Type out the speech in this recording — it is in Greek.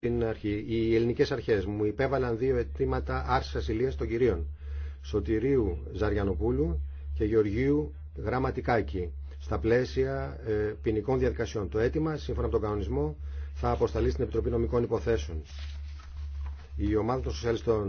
στην αρχή, οι ελληνικές αρχές μου υπέβαλαν δύο αιτήματα άρσης ασυλία των κυρίων Σωτηρίου Ζαριανοπούλου και Γεωργίου Γραμματικάκη στα πλαίσια ε, ποινικών διαδικασιών. Το αίτημα, σύμφωνα με τον κανονισμό, θα αποσταλεί στην Επιτροπή Νομικών Υποθέσεων. Η ομάδα των Σοσιαλιστών